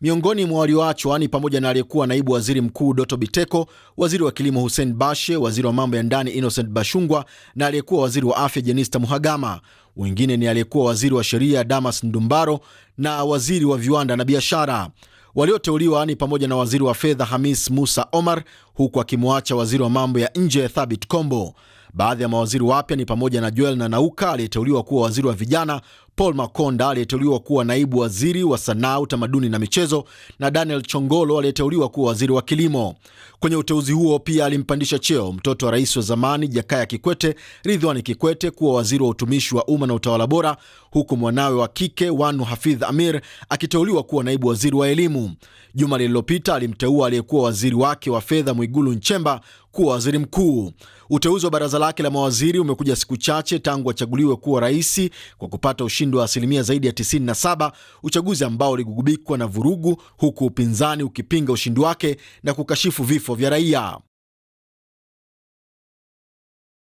Miongoni mwa walioachwa ni pamoja na aliyekuwa naibu waziri mkuu Doto Biteko, waziri wa kilimo Hussein Bashe, waziri wa mambo ya ndani Innocent Bashungwa na aliyekuwa waziri wa afya Jenista Muhagama. Wengine ni aliyekuwa waziri wa sheria Damas Ndumbaro na waziri wa viwanda na biashara. Walioteuliwa ni pamoja na waziri wa fedha Hamis Musa Omar, huku akimwacha waziri wa mambo ya nje Thabit Kombo. Baadhi ya mawaziri wapya ni pamoja na Joel Nanauka aliyeteuliwa kuwa waziri wa vijana, Paul Makonda aliyeteuliwa kuwa naibu waziri wa sanaa, utamaduni na michezo na Daniel Chongolo aliyeteuliwa kuwa waziri wa kilimo. Kwenye uteuzi huo pia alimpandisha cheo mtoto wa rais wa zamani Jakaya Kikwete, Ridhwani Kikwete, kuwa waziri wa utumishi wa umma na utawala bora, huku mwanawe wa kike Wanu Hafidh Amir akiteuliwa kuwa naibu waziri wa elimu. Juma lililopita alimteua aliyekuwa waziri wake wa fedha Mwigulu Nchemba kuwa waziri mkuu. Uteuzi wa baraza lake la mawaziri umekuja siku chache tangu achaguliwe kuwa rais kwa kupata ushindi ushindi wa asilimia zaidi ya 97, uchaguzi ambao uligugubikwa na vurugu, huku upinzani ukipinga ushindi wake na kukashifu vifo vya raia.